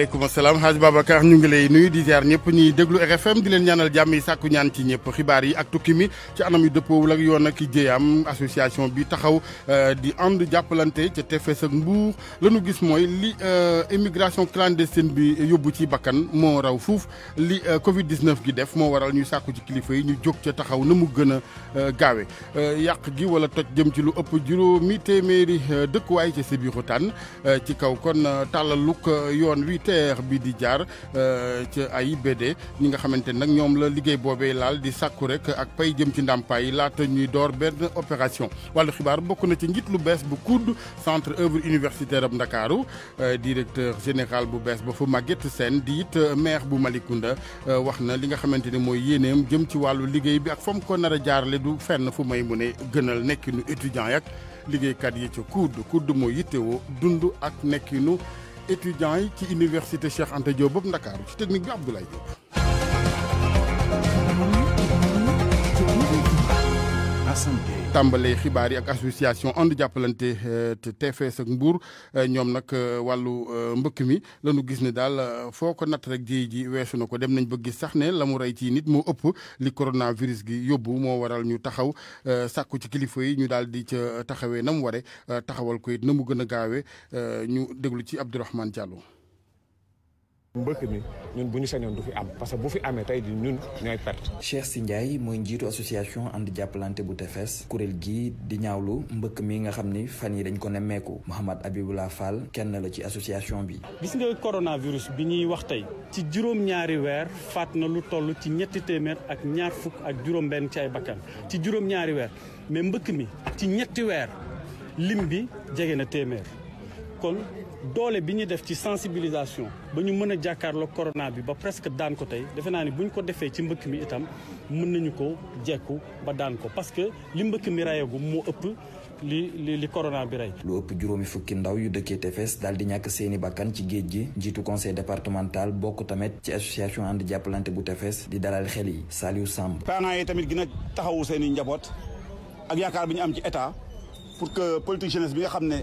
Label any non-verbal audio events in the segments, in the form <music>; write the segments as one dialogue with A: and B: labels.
A: aleykum asalaam Hadj Babacar ñu ngi lay nuyu di ziar ñëpp ñuy déglu RFM di leen ñaanal jàmm yi sàkku ñaan ci ñëpp xibaar yi ak tukki mi ci anam yu dëppoowul ak yoon ak jéeyam association bi taxaw euh, di ànd jàppalante ca tefes ak mbuur la ñu gis mooy li euh, immigration clandestine bi yóbbu ci bakkan moo raw fuuf li euh, Covid 19 gi def moo waral ñuy sàkku ci kilifa yi ñu jóg ca taxaw na mu gën a gaawe yàq gi wala toj jëm ci lu ëpp juróomi téeméeri dëkkuwaay ca Sébikotane ci kaw kon tàllaluk Bididjar, bi di le euh, Ligue AIBD ñi nga xamante nak ñom la liggéey boobee laal di sakku rek ak pay jëm ci ñuy d'or ben opération walu xibar bokku na ci njit lu bes bu COUD centre œuvre universitaire ab euh, directeur général bu Bofumaget ba fu sen di euh, maire bu Malikounda wax na li nga xamante ne mooy jëm ci walu liggéey bi ak fam ko nara du fenn fu may mu gënal nekkinu étudiant yak liggéeykat yi ci COUD COUD mooy yitéwo dundu ak nekkinu étudiants de l'Université université Cheikh Anta Diop Dakar. C'est ci technique bi Abdoulaye tàmbalee xibaar yi ak association ànd jàppalante euh, te TFS ak Mbour euh, ñoom nag euh, wàllu mbëkk mi lañu gis ne daal foo ko natt rek ji ji weesu na ko dem nañ ba gis sax ne la mu rey ci nit moo ëpp li coronavirus gi yóbbu moo waral ñu taxaw sàkku ci kilifa yi ñu daal di ca taxawee na mu ware taxawal ko it na mu gën a gaawee ñu déglu ci Abdourahmane Diallo.
B: mbëkk mi ñun bu ñu sañoon du fi am parce que bu fi amee tey di ñun ñooy perte. Cheikh Si Ndiaye mooy njiitu association ànd jàppalante bu tefes kuréel gii di ñaawlu mbëkk mi nga xam ni fan yi dañ ko nemmeeku Mouhamad Abibullah Fall kenn la ci association bi. gis nga coronavirus
C: bi ñuy wax tey ci juróom-ñaari weer faat na lu toll ci ñetti téeméer ak ñaar fukk ak juróom-benn ci ay bakkan ci juróom-ñaari weer mais mbëkk mi ci ñetti weer lim bi jege na téeméer. kon doole bi ñu def ci sensibilisation ba ñu mën a jàkkaarloo corona bi ba presque daan ko tey defe naa ni bu ñu ko defee ci mbëkk mi itam mën nañu ko jekku ba daan ko parce que li mbëkk mi reyagu moo ëpp li li li
B: corona bi rey. lu ëpp juróomi fukki ndaw yu dëkkee tefes daal di ñàkk seeni bakkan ci géej gi njiitu conseil départemental bokk tamit ci association ànd jàppalante bu tefes di dalal xel yi Saliou Samb.
D: parents yi tamit gën a taxawu seeni njaboot ak yaakaar bi ñu am ci état pour que politique jeunesse bi nga xam ne.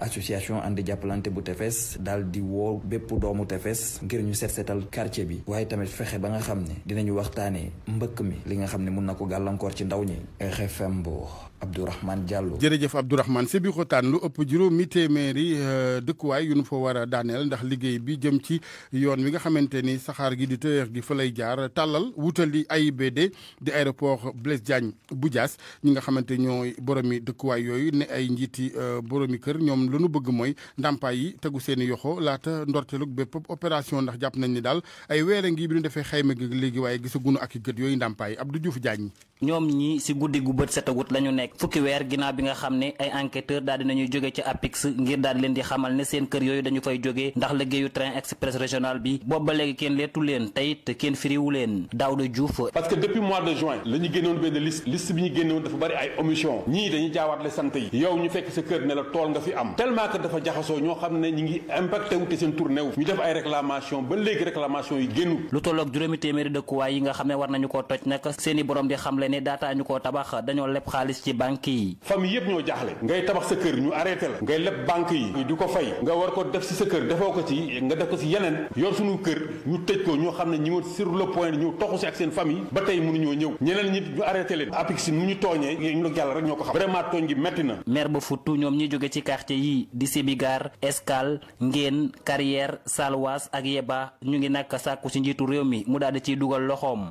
B: association ànd jàppalante bu tefes daal di woo bépp doomu tefes ngir ñu set seetal quartier bi waaye tamit fexe ba nga xam ne dinañu waxtaanee mbëkk mi li nga xam ne mun na ko gàllankoor ci ndaw ñi RFM Mbour Abdourahmane Diallo
A: jërëjëf Abdourahmane Sébikotane lu ëpp juróomi téeméeri euh, dëkkuwaay yu nu fa war a daaneel ndax liggéey bi jëm ci yoon wi nga xamante ni saxaar gi di tëyeex gi fa lay jaar tàllal wutali AIBD di aéroport Blaise Diagne bu jaas ñi nga xamante ñooy boromi dëkkuwaay yooyu ne ay njiiti euh, boromi kër ñoom ñoom la bëgg mooy ndàmpaay yi tegu seen i yoxo laata ndorteelug bépp opération ndax jàpp nañ ni daal ay weere ngi bi ñu defee xayma gi léegi
E: waaye gisagunu ak i gët yooyu ndàmpaay Abdou Diouf Diagne ñoom ñi si guddi gu bët setagut la ñu nekk fukki weer ginnaaw bi nga xam ne ay enquêteur daal dinañuy jóge ci APIX ngir daal leen di xamal ne seen kër yooyu dañu fay jógee ndax liggéeyu train express régional bi boobu ba léegi kenn leetu leen te it kenn firiwu leen Daouda Diouf. parce que depuis mois de
D: juin la ñu génnoon benn liste liste bi ñu génnoon dafa bari ay omission ñii dañuy jaawaatle sant yi yow ñu fekk sa kër ne tool nga fi am tellement ñoo xam ne ñu def ay réclamation ba léegi réclamation yi génnu
E: lu tolloog juróomi ne war nañu koo toj nag seeni borom ni daataañu koo tabax dañoo leb xaalis ci banque
F: yi
D: famille yëpp ñoo jaaxle ngay tabax sa kër ñu arrêté ngay leb banque yi di ko fay nga war ko def si sa kër defoo ko ci nga def ko si yeneen yor suñu kër ñu tëj ko ñoo xam ne ñi woon sur ñu toxu si ak seen famille ba tey mënuñoo ñëw ñeneen ñi ñu arrêté leen apix si mu ñu tooñee ñu nag yàlla rek ñoo ko xam
E: vraiment tooñ gi metti na maire ba futtu ñoom ñi jóge ci quartier yi di Sibigar Escale Ngéen Carrière Salwas ak Yeba ñu ngi nag sàkku si réew mi mu daal di ciy dugal loxoom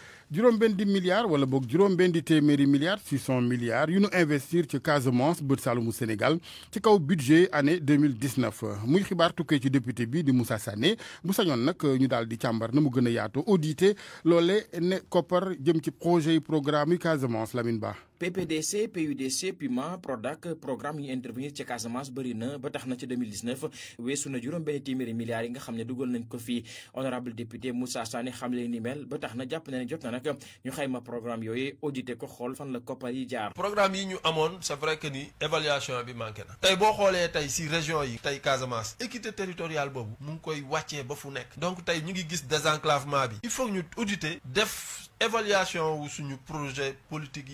A: juróom benn di milliards wala boog juróom benn di téeméeri milliards six cent milliards yu nu investir ci Casamance bët Saalumu Sénégal ci kaw budget année 2019 muy xibaar tukkee ci député bi di Moussa Sané bu sañoon nag ñu daal di càmbar na mu gën a yaatoo audité loole ne koppar jëm ci projet programme yi Casamance Lamine Ba
B: PPDC PUDC PUMA PRODAC programme yi intervenir ci Casamance bëri ba tax na ci weesu na juróom benn téeméeri milliards yi nga xam ne dugal nañ ko fii honorable député Moussa Sané xam leen mel ba tax na jàpp na ne jot na nag ñu xayma programme yooyu audité ko xool fan la koppar yi jaar.
G: programme yi ñu amoon c'est vrai que ni évaluation bi manqué na.
B: tey boo xoolee tey si région yi. tey Casamance
G: équité territoriale boobu mu ngi koy wàccee ba fu nekk. donc tey ñu yi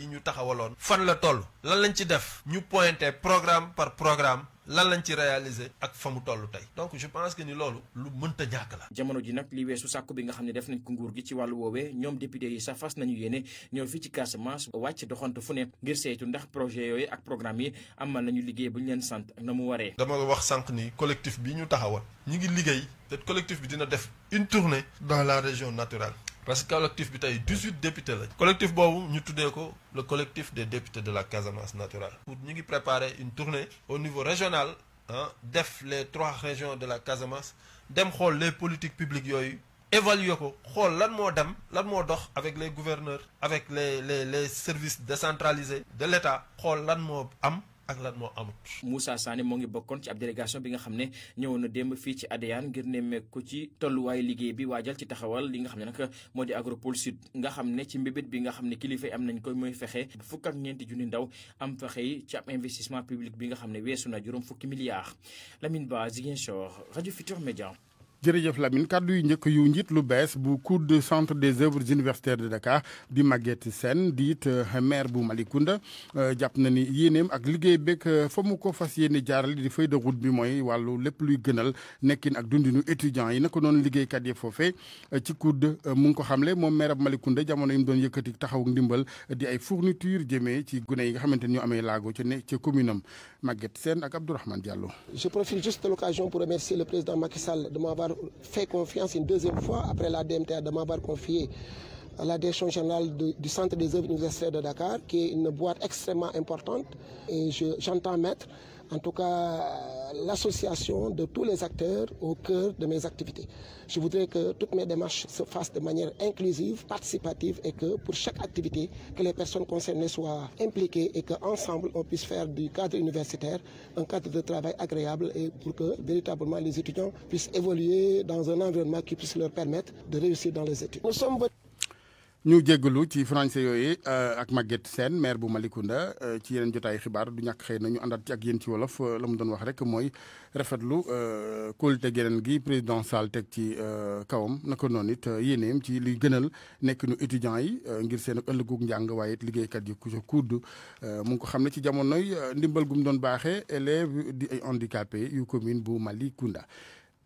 G: ñu tolloon fan la toll lan lañ ci def ñu pointé programme par programme lan lañ ci réalisé ak fa mu toll tey
B: donc je pense que ni loolu
G: lu mënta ñàkk
B: la. jamono ji nag li weesu sàkku bi nga xam ne def nañ ko nguur gi ci wàllu woowee ñoom député yi sax fas nañu yéene ñëw fii ci Casamance wàcc doxantu fu ne ngir saytu ndax projet yooyu ak programme yi amal nañu liggéey bu ñu leen sant na mu waree. dama wax sànq ni collectif bi ñu taxawa ñu ngi
G: liggéey te collectif bi dina def une tournée la région naturelle. parce que le collectif est 18 députés Le collectif boobu nous ko le collectif des députés de la Casamance naturelle. pour avons préparé une tournée au niveau régional hein, des les trois régions de la Casamance dem les politiques publiques Yoy, évaluer ko lan dem lan avec les gouverneurs avec les les services décentralisés de l'État lan ak lan moo amut.
B: Moussa Sané moo ngi bokkoon ci ab délégation bi nga xam ne ñëw na démb fi ci ADEAN ngir nemmeeku ci tolluwaayu liggéey bi waa waajal ci taxawal li nga xam ne nag moo di Agropole nga xam ne ci mbébét bi nga xam ne kilifa am nañ ko mooy fexe fukk ak ñeenti junni ndaw am fexe yi ci ab investissement public bi nga xam ne weesu na juróom fukki milliards Lamine Ba Ziguinchor rajo Futur Média.
A: jërëjëf Lamine kàddu yu njëkk yu njiit lu bees bu cour de centre des œuvres universitaires de Dakar di Maguette sen di it euh, maire bu Malicounda euh, jàpp na ni yéeneem ak liggéey beeg euh, fa mu ko fas yéene jaarale di feuille de route bi mooy wàllu lépp luy gënal nekkin ak dundinu étudiant yi naka noonu liggéeykat yi foofee ci cour de mu ngi ko xamle moom maire bu Malicounda jamono yi mu doon yëkkati taxaw ndimbal di ay fourniture jëmee ci gune yi nga xamante ni ñoo amee laago ca ne ca commune am Maguette Sène ak Abdourahmane Diallo.
H: Je profite juste de l'occasion pour remercier le président Macky Sall de m'avoir fait confiance une deuxième fois après la DMTA, de m'avoir confié à la direction générale du Centre des œuvres universitaires de Dakar, qui est une boîte extrêmement importante. Et j'entends mettre en tout cas l'association de tous les acteurs au cœur de mes activités. Je voudrais que toutes mes démarches se fassent de manière inclusive, participative et que pour chaque activité, que les personnes concernées soient impliquées et qu'ensemble on puisse faire du cadre universitaire un cadre de travail agréable et pour que véritablement les étudiants puissent évoluer dans un environnement qui puisse leur permettre de réussir dans les études.
A: ñu jéggalu ci francais yooyu euh, ak Maguette seen maire bu Malicounda euh, ci yeneen jotaayu xibaar du ñàkk xëy na ñu àndaat ci ak yéen ci wolof euh, la mu doon wax rek mooy rafetlu kóolute geneen gi président Sall teg ci kawam naka noonu it yéeneem ci luy gënal nekk nu étudiants yi ngir seen ëllëgu njàng waaye it liggéeykat yi ku ca kudd mu ko xam ne ci jamonoy ndimbal gum doon baaxee élèves di ay handicapés yu commune bu Malicounda.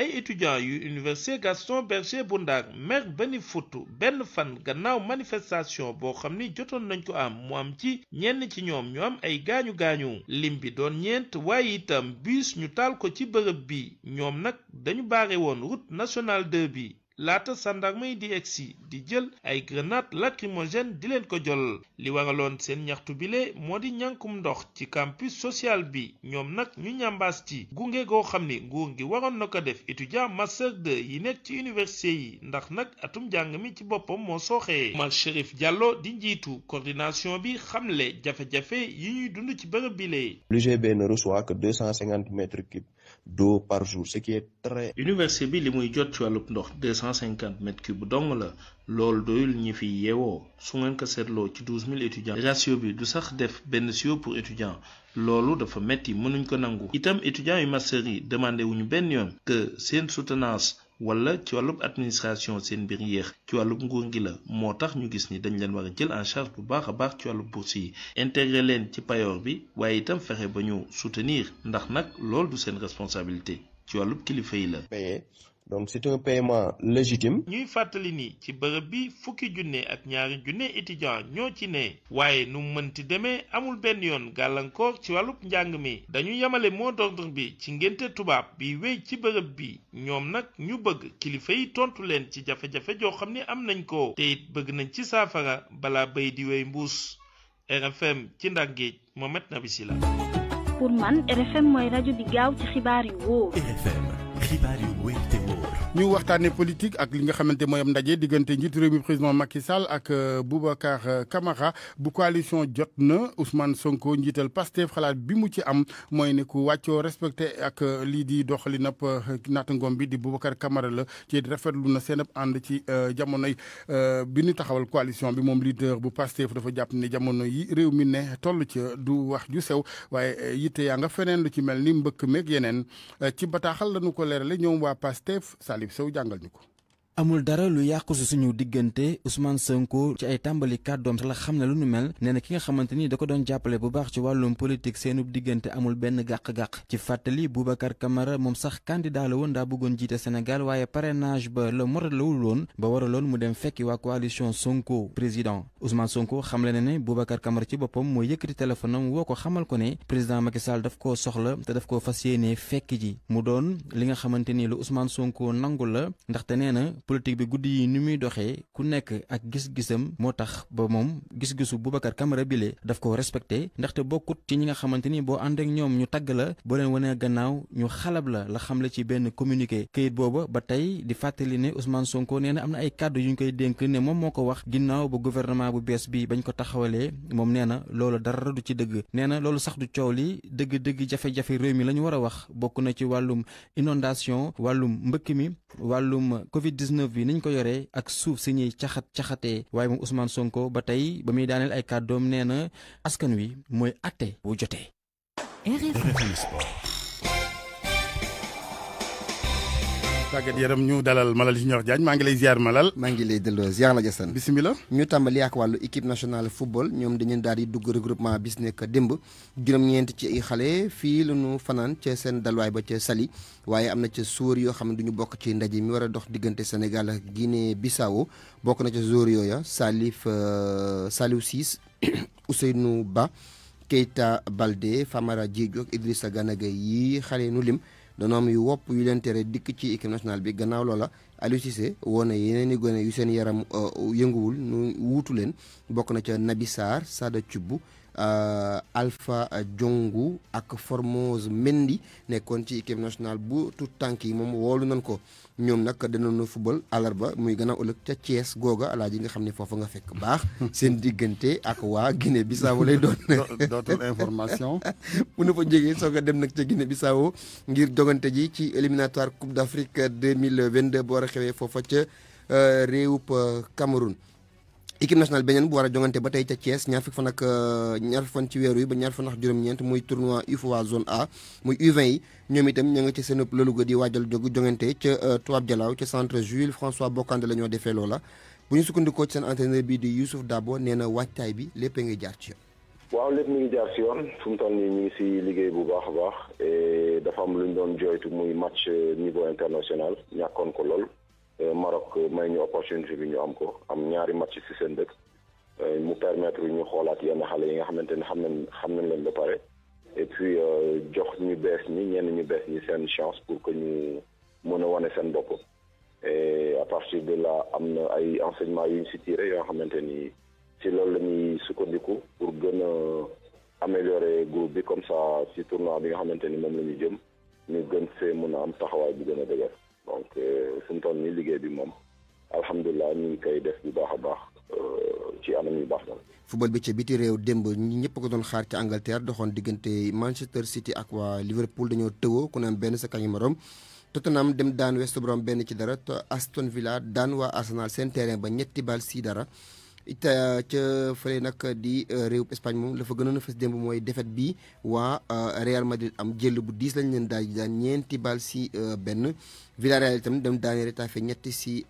I: ay étudiants yu université Gaston Berger bu Ndaar mer bani futt benn fan gannaaw manifestation boo xam ni jotoon nañ ko am mu am ci ñenn ci ñoom ñu am ay gaañu gaañu lim bi doon ñeent waaye itam bus ñu taal ko ci bërëb bi ñoom nag dañu baare woon route nationale 2 bi laata sàndarma yi di egsi di jël ay grenades lacrymogènes di leen ko jol li waraloon seen ñaxtu bile moo di ñànkum ndox ci campus social bi ñoom nag ñu ñambaas ci gunge goo xam ni nguur gi waroon na ko def étudiant master 2 yi nekk ci université yi ndax nag atum jàng mi ci boppam moo sooxee. Omar Chérif Diallo di njiitu coordination bi xamle jafe-jafe yi ñuy dund ci bërëb bile. L'UGB ne reçoit que 250
B: mètres cubes d'eau par jour, ce qui est
I: très. université mètres cube Dongle, la de l'Université ñi fi de su ngeen étudiants. ratio du de def de pour étudiants, lolo dafa de mënuñ ko nangu. itam étudiants yu l'Université que soutenance wala ci as administration seen bir yeex ci as nguur de la ñu gis ni dañ leen en charge bu tu a baax ci la bourse yi intégré leen ci bi itam soutenir ndax nag loolu du seen responsabilité ci as kilifa yi la donc c'est un paiement légitime. ñuy fàttali ni ci bërëb bi fukki junne ak ñaari junne étudiants ñoo ci ne waaye nu mënti demee amul benn yoon gàllankoor ci wàllub njàng mi dañu yemale moo d'ordre bi ci ngénte tubaab bi wéy ci bërëb bi ñoom nag ñu bëgg kilifa yi tontu leen ci jafe-jafe joo xam ni am nañ ko te bëgg nañ ci saafara bala bay di wéy mbuus RFM ci Ndangéej Mohamed Nabi Sylla la ñu waxtaanee politique ak
A: li nga xamante mooy am ndaje diggante njiitu réew mi président Macky Sall ak euh, Boubacar euh, Camara bu coalition jot na Ousmane Sonko njiital Pastef xalaat bi mu ci am mooy ne ku wàccoo respecté ak euh, lii di doxali nap naatangoom bi di Boubacar Camara la ci rafetlu na seen ànd ci yi bi ñu taxawal coalition bi moom leader bu Pastef dafa jàpp ne jamono yi réew mi ne toll ci du wax ju sew waaye yitte yaa nga feneen lu ci mel ni mbëkk meeg yeneen ci bataaxal nu ko leerale ñoom waa Pastef Malick Sow jàngal ñu
J: amul dara lu yàqu si suñu diggante Ousmane Sonko ci ay tàmbali kàddoom sax la xam ne lu nu mel nee na ki nga xamante ni da ko doon jàppale bu baax ci wàllum politique seenub diggante amul benn gàq-gàq ci fàttali Boubacar Camara moom sax candidat la woon daa bëggoon jiite Sénégal waaye parrainage ba la motalawul woon ba waraloon mu dem fekki waa coalition Sonko président Ousmane Sonko xamle na ne Boubacar Camara ci boppam mooy yëkkati téléphone am woo ko xamal ko ne président Macky Sall daf koo soxla te daf koo fas yéenee fekk ji mu doon li nga xamante ni lu Ousmane Sonko nangu la ndaxte nee na politique bi guddi yi ni muy doxee ku nekk ak gis-gisam moo tax ba moom gis-gisu Boubacar Camara bile daf ko respecté ndaxte bokkut ci ñi nga xamante ni boo ànd ak ñoom ñu tagg la boo leen wanee gannaaw ñu xalab la la xam la ci benn communiqué kayit boobu ba tey di fàttali ne Ousmane Sonko nee na am na ay kàddu yu ñu koy dénk ne moom moo ko wax ginnaaw ba gouvernement bu bees bi bañ ko taxawalee moom nee na loolu dara du ci dëgg nee na loolu sax du coow li dëgg-dëgg jafe réew mi la ñu war a wax bokk na ci wàllum inondation wàllum mbëkk mi 19 bi niñ ko yore ak suuf si ñuy caxat caxatee waaye moom Ousmane Sonko ba tey ba muy daaneel ay kàddoom nee na askan wi mooy atte bu jotee.
A: tàggat yaram ñu dalal Malal Junior Diagne maa ngi lay
H: ziar Malal. maa ngi lay delloo ziar la jasan bisimilah. ñu tàmbali ak wàllu équipe nationale football ñoom dañu daal di dugg regroupement bis nekk démb juróom-ñeent ci ay xale fii la ñu fanaan ca seen dalwaay ba ca Sali waaye am na ca suur yoo xam ne du bokk ci ndaje mi war a dox diggante Sénégal ak Guinée Bissau bokk na ca suur yooya Salif euh, Saliou Ciss <coughs> Ousseynou Ba Keita Balde Famara Diédhiou ak Idrissa Gana Gueye yi xale dana am yu wopp yu leen tere dikk ci équipe nationale bi gannaaw loola Aliou Cissé woo na yeneen gone yu seen yaram euh, yënguwul nu wuutu leen bokk na ca Nabi Sarr Sada Thioub Euh, Alpha Jongu ak Formose Mendy nekkoon ci équipe national bu tout tànk yi moom woolu nañ ko ñoom nag danañu football àllarba muy gannaaw ëllëg ca Thiès googa alaaji nga xam ne foofa nga fekk baax <laughs> seen diggante ak waa Guinée Bissau lay doon. dootul information. bu <laughs> ne fa jógee soog a dem nag ca Guinée Bissau ngir jogante ji ci éliminatoire Coupe d'Afrique 2022 boo war a xewee foofa ca euh, réewub euh, Cameroun. équipe nationale beneen bu war a jongante ba tey ca Thiès ñaar fukk fan ak euh, ñaar fan ci weer wi ba ñaar fan ak juróom-ñeent muy tournoi UFOA zone A muy U20 yi ñoom itam ña nga ci seen lëluga di waajal jóg jongante ca euh, Tubaab Jalaaw ca centre Jules François Bocandé la ñoo defee loola bu ñu sukkandikoo ci seen entraîneur bi di Youssouf Dabo nee na waajtaay bi lépp ngay jaar
F: ci yoon. waaw lépp ngi jaar ci yoon fu mu toll nii ñu ngi si liggéey bu baax a baax dafa am lu ñu doon jooytu muy match euh, niveau international ñàkkoon ko lool. Euh, Maroc euh, may ñu opportunité bi ñu am ko am ñaari match si seen dëkk euh, mu permettre ñu xoolaat yenn xale yi nga xamante ne xam nañ xam nañ leen ba pare et puis jox ñu bees ñi ñenn ñu bees ñi seen chance pour que ñu mën a wane seen bopp et à partir de là am na ay enseignement yu ñu si tiré yoo xamante ni ci loolu la ñuy sukkandiku pour gën a améliorer groupe bi comme ça ci tournoi bi nga xamante ni moom la ñu jëm ñu gën fee mën a am taxawaay bu gën a dëgër donc euh, suñu toll nii liggéey bi moom alhamdulilah ñu ngi def bu baax a baax euh, ci anam baax daal.
H: football bi ca biti réew démb ñëpp ko doon xaar ci Angleterre doxoon diggante Manchester City ak waa Liverpool dañoo tëwoo ku ne am benn sa kañu morom Tottenham dem daan West Brom benn ci dara Aston Villa daan waa Arsenal seen terrain ba ñetti bal si dara. it euh, ca fële nag di euh, réew Espagne moom la fa gënoon a fës démb mooy défaite bi waa euh, Real Madrid am jël bu diis lañ leen daal di daan ñeenti bal si benn Villarreal itam dem daan daane Retafe ñetti si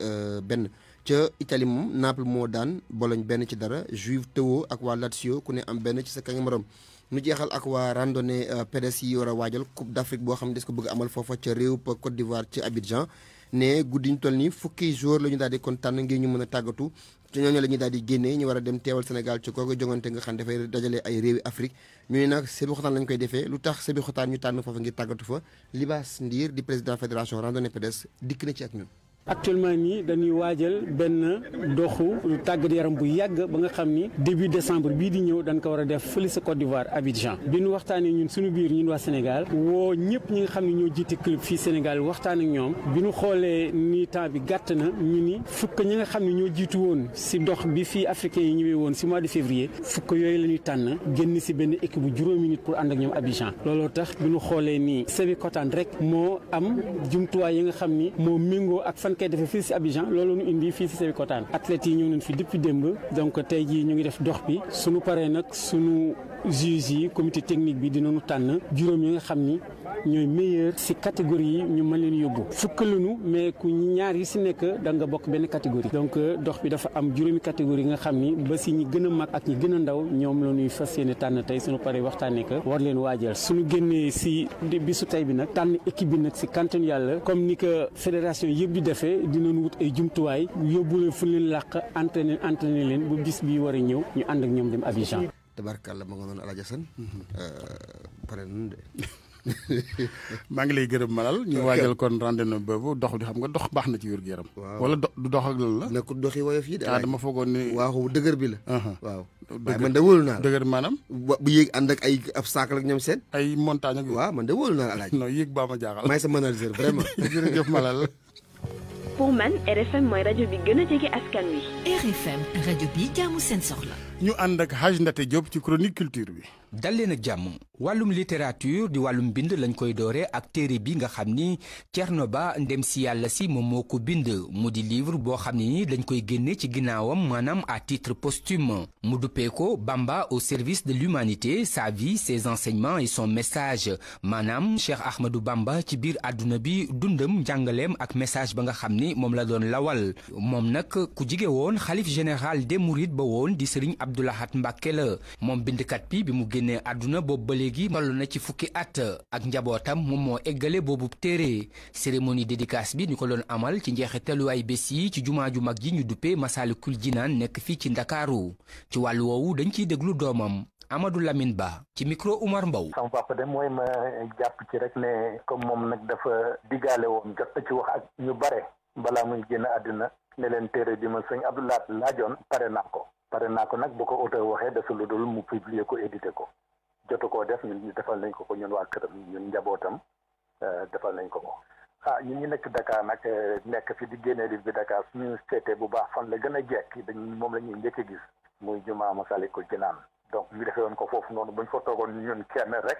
H: benn ca Italie moom Naples moo daan Bologne benn ci dara Juve Tëwo ak waa Lazio ku ne am benn ci sa kangi morom nu jeexal ak waa randonnée pédestre yi war a waajal Coupe d'Afrique boo xam ne des ko bëgg amal foofa ca réew Côte d'Ivoire ca Abidjan ne guddi ñu toll nii fukki jour la ñu daal di kon tànn ngir ñu mën a tàggatu ci ñooñu la ñuy daal di génnee ñu war a dem teewal Sénégal ci kooku jongante nga xam dafay dajale ay réewi Afrique ñu ne nag sebi xotaan lañ koy defee lu tax sebi xotaan ñu tànn foofu ngir tàggatu fa Libaas Ndiir di président fédération randonnée pédestre dikk na ci ak ñun
C: actuellement nii dañuy waajal benn doxu tàggat yaram bu yàgg ba nga xam ni début décembre bii di ñëw dañ ko war a def fële sa Côte d'Ivoire Abidjan bi waxtaan waxtaanee ñun suñu biir ñun waa Sénégal woo ñëpp ñi nga xam ne ñoo jiite club fii Sénégal waxtaan ak ñoom bi ñu xoolee ni temps bi gàtt na ñu ni fukk ñi nga xam ne ñoo jiitu woon si dox bi fii africains yi ñëwee woon si mois de février fukk yooyu la ñuy tànn génn si benn équipe bu juróomi nit pour ànd ak ñoom Abidjan looloo tax bi ñu xoolee nii Sébikotane rek moo am jumtuwaay yi nga xam ni moo méngoo ak ñu koy defee fii Abidjan loolu ñu indi fii si Sébikotane athlètes yi ñu nañ fi depuis démb donc tay ji ñu ngi def dox bi suñu paré nak suñu juges yi comité technique bi dinañu tànn juróom yi nga xam ni ñooy meilleur si catégorie yi ñu mën leen yóbbu fukk lañu mais ku ñaar yi si nekk da nga bokk benn catégorie donc euh, dox bi dafa am juróomi catégorie nga xam ni ba si ñi gën a mag ak ñi gën a ndaw ñoom la nuy fas yéene tànn tey sunu paree waxtaanee ko war leen waajal suñu génnee si bisu tey bi nag tànn équipe bi nag si kantanu yàlla comme ni ko fédération yëpp di defee dinañ wut ay jumtuwaay yóbbu leen fu leen làq entraîné entraîné leen ba bis bi war ñëw ñu ànd ak ñoom dem Abidjan
A: tabarkàlla ma nga noonu Alaaji Asan mhm. eh, pare de <laughs> maa ngi lay malal ñu waajal kon rendez-vous boobu dox di xam nga dox baax ci wér gu wala do du dox ak loolu la nekkul doxi woyof yi de ah dama foogoon ni waaw dëgër bi la waaw waaye man de wóolu naa
H: dëgër maanaam bu yéeg ànd ak ay obstacle ak ñoom seen ay montagne ak waaw man de wóolu naa alaaj non yéeg
A: baa ma may sa manager vraiment <laughs> jërëjëf malal
E: pour man RFM mooy radio bi gën a jege askan wi RFM rajo bi jaamu soxla
K: ñu ànd ak Hadj Ndate Diop ci chronique culture bi. dalena leen Walum literature littérature di walum bind lañ koy doore ak téré bi nga xamni ndem si si livre bo xamni dañ koy à titre posthume mudupeko Bamba au service de l'humanité sa vie ses enseignements et son message manam cher Ahmadou Bamba ci bir Dundem bi dundam ak message ba nga xamni lawal Momnak nak Khalif général des mourides ba won di Serigne génnee àdduna boobu ba léegi toll na ci fukki at ak njabootam moom moo eggale boobu téere cérémonie dédicace bi ni ko loon amal ci njeexitalu ay bés yi ci jumaa ju mag ji ñu duppee ji naan nekk fii ci Ndakaaru ci wàllu woowu dañ ciy déglu doomam Amadou Lamine Ba
F: ci micro Oumar Mbow. sama papa de mooy ma jàpp ci rek ne comme moom nag dafa diggaale woon jot ci wax ak ñu bare balaa muy génn àdduna ne leen téere bi ma sëñ Abdoulaat laajoon pare naa ko pare naa ko nag bu ko auteur waxee dafa lu dul mu publier ko édité ko jotu koo def ñun ñu defal nañ ko ko ñun waa këram ñun njabootam euh, defal nañ ko ko ah ñun ñu nekk Dakar nag euh, nekk fi di génnee livre bi Dakar ñu seetee bu baax fan la gën a jekk dañ moom la ñuy njëkk a gis muy jumaa Masalikul Jinaan donc ñu defee woon ko foofu noonu buñ fa toogoon ñun kenn rek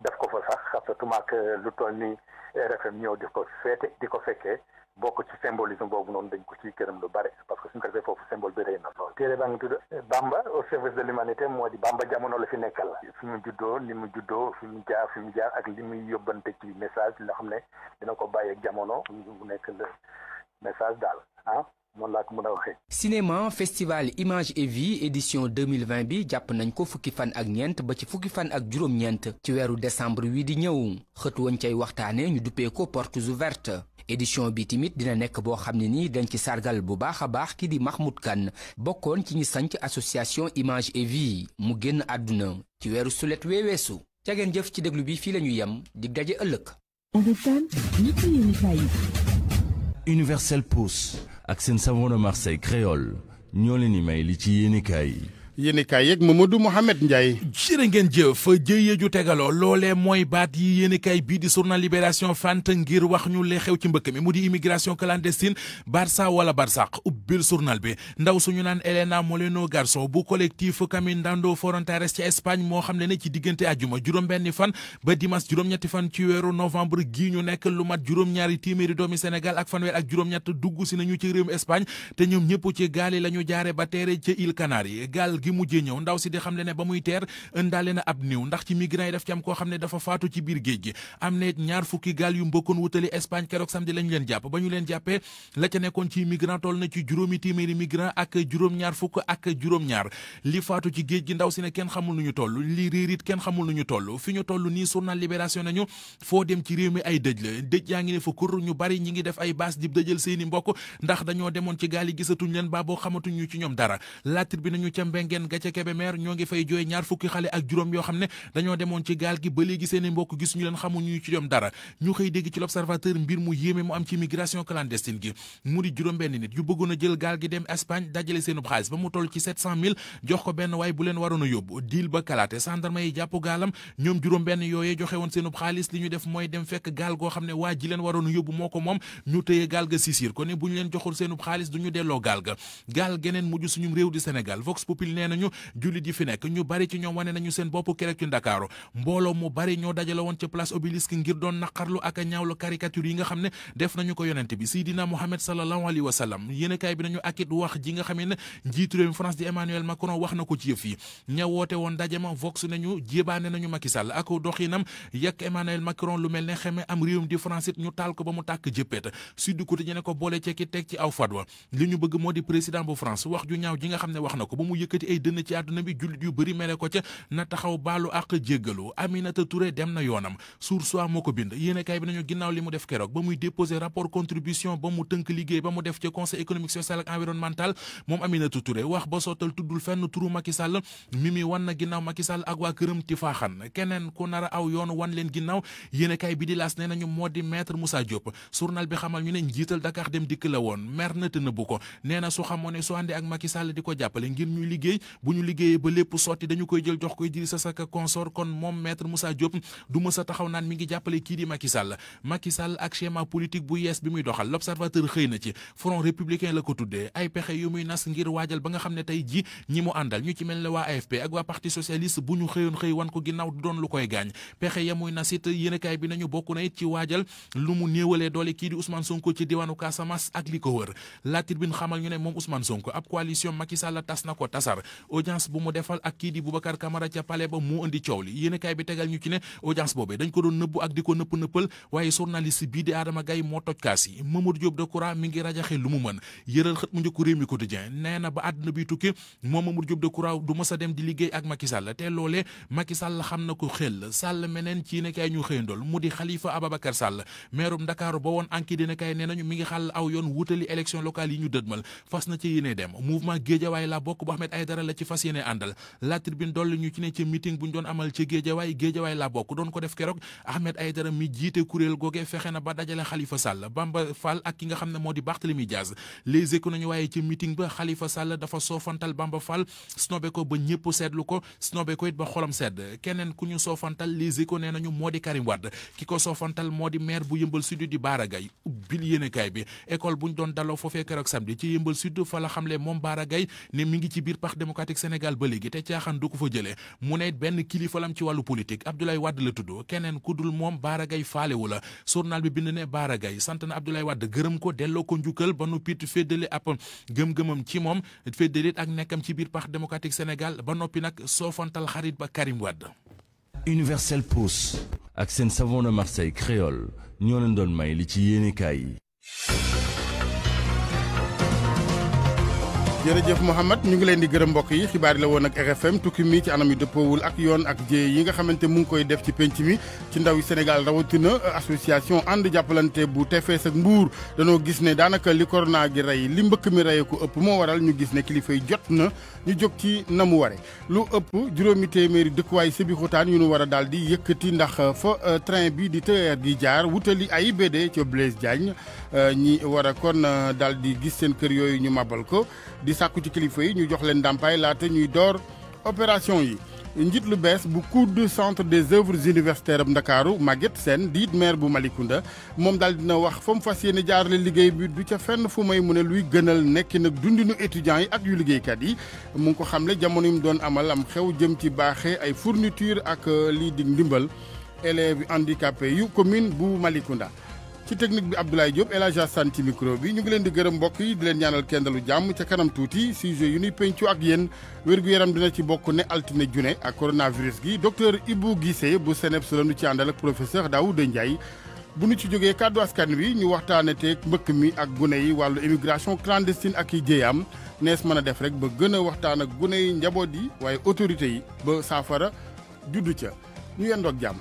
F: def ko fa sax xam sa tumaak euh, lu toll ni RFM ñëw di ko feete di ko fekkee bokk ci symbolisme boobu noonu dañ ko ciy këram lu bare parce que suñ ko defee foofu symbole bi rëy na lool téere baa ngi tudd eh, Bamba au service de l'humanité moo di Bamba jamono la fi nekkal fi mu juddoo li mu juddoo fi mu jaar fi mu jaar ak li muy yóbbante ci message la xam ne dina ko ak jamono mu nekk le message daal ah moom laa ko mën a waxee.
K: cinéma festival image et vie édition 2020 bi jàpp nañ ko fukki fan ak ñeent ba ci fukki fan ak juróom-ñeent ci weeru décembre wi di ñëw xëtu woon cay waxtaane ñu duppee ko portes ouvertes édition bi tamit dina nekk boo xam ne nii dañ ci sargal bu baax a baax ki di Mahmoud Kane bokkoon ci ñi sanc association image et Vie mu génn àdduna ci weeru sulet wee weesu ca ngeen jëf ci déglu bi fii la ñu yem di daje ëllëg.
E: Universel Pousse ak seen savon
L: de Marseille ñoo leen di may li ci yéenekaay yéenekaay yeeg du Mohamed Ndiaye jërë ngeen jëf jëye ju tegaloo loolee mooy baat yi yéenekaay bii di journal Libération fant ngir wax ñu le xew ci mbëkk mi mu di immigration clandestine Barça wala Barsaq ubbil surnal bi ndaw suñu naan Elena Moleno Garçon bu collectif Caminando Fronteras ci Espagne moo xam ne ne ci diggante àjjuma juróom-benni fan ba dimanche juróom-ñetti fan ci weeru novembre gi ñu nekk lu mat juróom-ñaari téeméeri doomi Sénégal ak fanweer ak juróom dugg si nañu ci réewum Espagne te ñoom ñëpp ci gaal yi la ñu jaare ba teere ca île Canaries gi mujjee ñëw ndaw si di xam le ne ba muy teer ëndaale na ab néew ndax ci migrant yi daf ci koo xam ne dafa faatu ci biir géej gi am na ñaar fukki gaal yu mbokkoon wutali Espagne keroog samedi leen jàpp ba ñu leen jàppee la ca nekkoon ci migrant toll na ci juróomi téeméeri migrant ak juróom-ñaar fukk ak juróom-ñaar li faatu ci géej gi ndaw si ne kenn xamul nu ñu toll li réer kenn xamul nu ñu toll fi ñu toll nii journal Libération nañu foo dem ci réew mi ay dëj la dëj yaa ngi ne fa kur ñu bari ñi ngi def ay baas dib dëjël seeni mbokk ndax dañoo demoon ci gaal yi gisatuñ leen baa boo xamatuñ ñu ci ñoom dara Ndiagène ga ca Kébémer ñoo ngi fay jooy ñaar fukki xale ak juróom yoo xam ne dañoo demoon ci gaal gi ba léegi seeni mbokk gis ñu leen xamuñu ci ñoom dara ñu xëy dégg ci l'observateur mbir mu yéeme mu am ci migration clandestine gi mu di juróom benn nit yu bëggoon a jël gaal gi dem Espagne dajale seen xaalis ba mu toll ci jox ko benn waay bu leen waroon yóbbu diil ba kalaate gendarme yi jàpp gaalam ñoom juróom benn yooyee joxe woon seen xaalis li ñu def mooy dem fekk gaal goo xam ne waa ji leen waroon leen joxul seen xaalis du ñu delloo gaal ga gaal geneen mujj suñum nee nañu jullit yi fi nekk ñu bari ci ñoom wane nañu seen bopp kerek ci Ndakaaru mbooloo mu bari ñoo dajale woon ci place Obélisque ngir doon naqarlu ak a ñaawlu caricature yi nga xam ne def nañu ko yonent bi Seydina Mohamed sallallahu alayhi wa sallam yéenekaay bi nañu akit wax ji nga xam ne njiitu réew mi France di Emmanuel Macron wax na ko ci yëf yi ña woote woon dajema vox nañu jébaane nañu Macky Sall doxinam yàq Emmanuel Macron lu mel ne ay dënn ci àdduna bi jullit yu bëri mere ko ca na taxaw baalu ak jéggalu Aminata Touré dem na yoonam Source A moo ko bind yéenekaay bi nañu ginnaaw li mu def keroog ba muy déposer rapport contribution ba mu tënk liggéey ba mu def ca conseil économique social environnemental moom Aminata Touré wax ba sottal tuddul fenn turu Macky Sall mi wan na ginnaaw Macky ak waa këram faaxan keneen ku nar a aw yoon wan leen ginnaaw yéenekaay bi di laas nee la woon mer na te bu ñu liggéeyee ba lépp sotti dañu koy jël jox diri sa sak consort kon moom maître Moussa Diop du mësa taxaw naan mi ngi jàppale kii di Macky Sall Macky Sall ak schéma politique bu yees bi muy doxal l'observateur xëy ci front républicain la ko tuddee ay pexe yu muy nas ngir waajal ba nga xam ne tey ji ñi mu àndal ñu ci mel ne waa AFP ak waa parti socialiste bu ñu xëyoon xëy wan ko ginnaaw du doon lu koy gaañ pexe ya muy nas it bi nañu bokk na it ci waajal lu mu néewalee doole kii di Ousmane Sonko ci diwaanu Casamance ak li ko wër La Tribune xamal ñu ne moom Ousmane Sonko ab coalition Macky Sall tas na ko tasar audience bu mu defal ak kii di Boubacar Camara ca palais ba moo indi coow li yéenekaay bi tegal ñu ci ne audience boobee dañ ko doon nëbbu ak di ko nëpp nëppal waaye journaliste bii di Adama Gaye moo toj kaas yi Mamadou Diop Decroix mi ngi rajaxe lu mu mën yëral xët mu njëkk réew mi quotidien nee ba àdduna bi tukki moom Mamadou Diop Decroix du mës dem di liggéey ak Macky Sall te loolee Macky Sall xam na ko xel Sall meneen ci yéenekaay ñu xëyandool Aidara la ci fas yéene àndal la tribune dolli ñu ci ne ca meeting bu ñu doon amal ca géejawaay ko ba dajale Khalifa Sall Bamba nañu waaye ca meeting ba Khalifa Sall dafa soofantal Bamba Fall snobe ko ba ñëpp seetlu ko snobe ko it ba xolam sedd keneen ku ñu soofantal les éco nee nañu moo di Karim Wade ki ko soofantal moo di maire bu yëmbal sud di Baragay ubbil yéenekaay bi école bu ñu doon daloo foofee keroog samedi ci yëmbal sud fa la xamle moom Baragay ne mi ngi ci biir pax démocratique Sénégal ba léegi te caaxaan du ko fa jëlee mu ne benn kilifalam ci wàllu politique Abdoulaye Wade la tudd keneen ku dul moom Baragay faalewu la journal bi bind ne Baragay sant na Abdoulaye Wade gërëm ko delloo ko njukkal ba nu piit féddale ab gëm-gëmam ci moom féddalit ak nekkam ci biir parti démocratique Sénégal ba noppi nag soofantal xarit ba Karim Wade
F: Universel Pousse ak seen savon de Marseille créole ñoo leen doon may li ci yéenekaay yi
A: jërëjëf Mouhamed ñu ngi leen di gërëm mbokk yi xibaar yi la woon ak RFM tukki mi ci anam yu dëppoowul ak yoon ak jéey yi nga xamante mu ngi koy def ci pénc mi ci ndaw yi Sénégal rawatina association ànd jàppalante bu tefees ak mbuur danoo gis ne daanaka li corona gi rey li mbëkk mi reye ko ëpp moo waral ñu gis ne kilifa yi jot na ñu jóg ci na mu ware lu ëpp juróomi téeméeri dëkkuwaay Sébikotane yu ñu war a daal di yëkkati ndax fo euh, train bi di TER di jaar wutali AIBD ca Blaise Diagne euh, ñi war kon euh, daal di gis seen kër yooyu ñu mabal ko sakku ci kilifa yi ñu jox leen ndàmpaay laata ñuy door opération yi njit lu bes bu du centre des œuvres universitaires de ndakaaru Maguette Sen dit maire bu Malicounda mom dal dina wax fam fasiyene jaar le jaarale liggéey bi du ca fenn fu may mune ne luy gënal nekki nak dundinu étudiants yi ak yu kat yi mu ngi ko xam jamono mu doon amal am xew jëm ci baxé ay fourniture ak li di ndimbal élèves handicapés yu commune bu Malicounda ci technique bi Abdoulaye Diop El Hadj Assane ci micro bi ñu ngi leen di gërëm mbokk yi di leen ñaanal kendalu jàmm ca kanam tuuti sujet yu nuy pencu ak yéen wér-gu-yaram dina ci bokk ne altine june ak coronavirus gi docteur Ibou Guissé bu CNEPS la nu ci àndal ak professeur Daouda Ndiaye bu nu ci jógee kàddu askan wi ñu waxtaane te mbëkk mi ak gune yi wàllu immigration clandestine ak yi jéeyaam nees mën a def rek ba gën a waxtaan ak gune yi njaboot yi waaye autorité yi ba saafara juddu ca ñu yendoog jàmm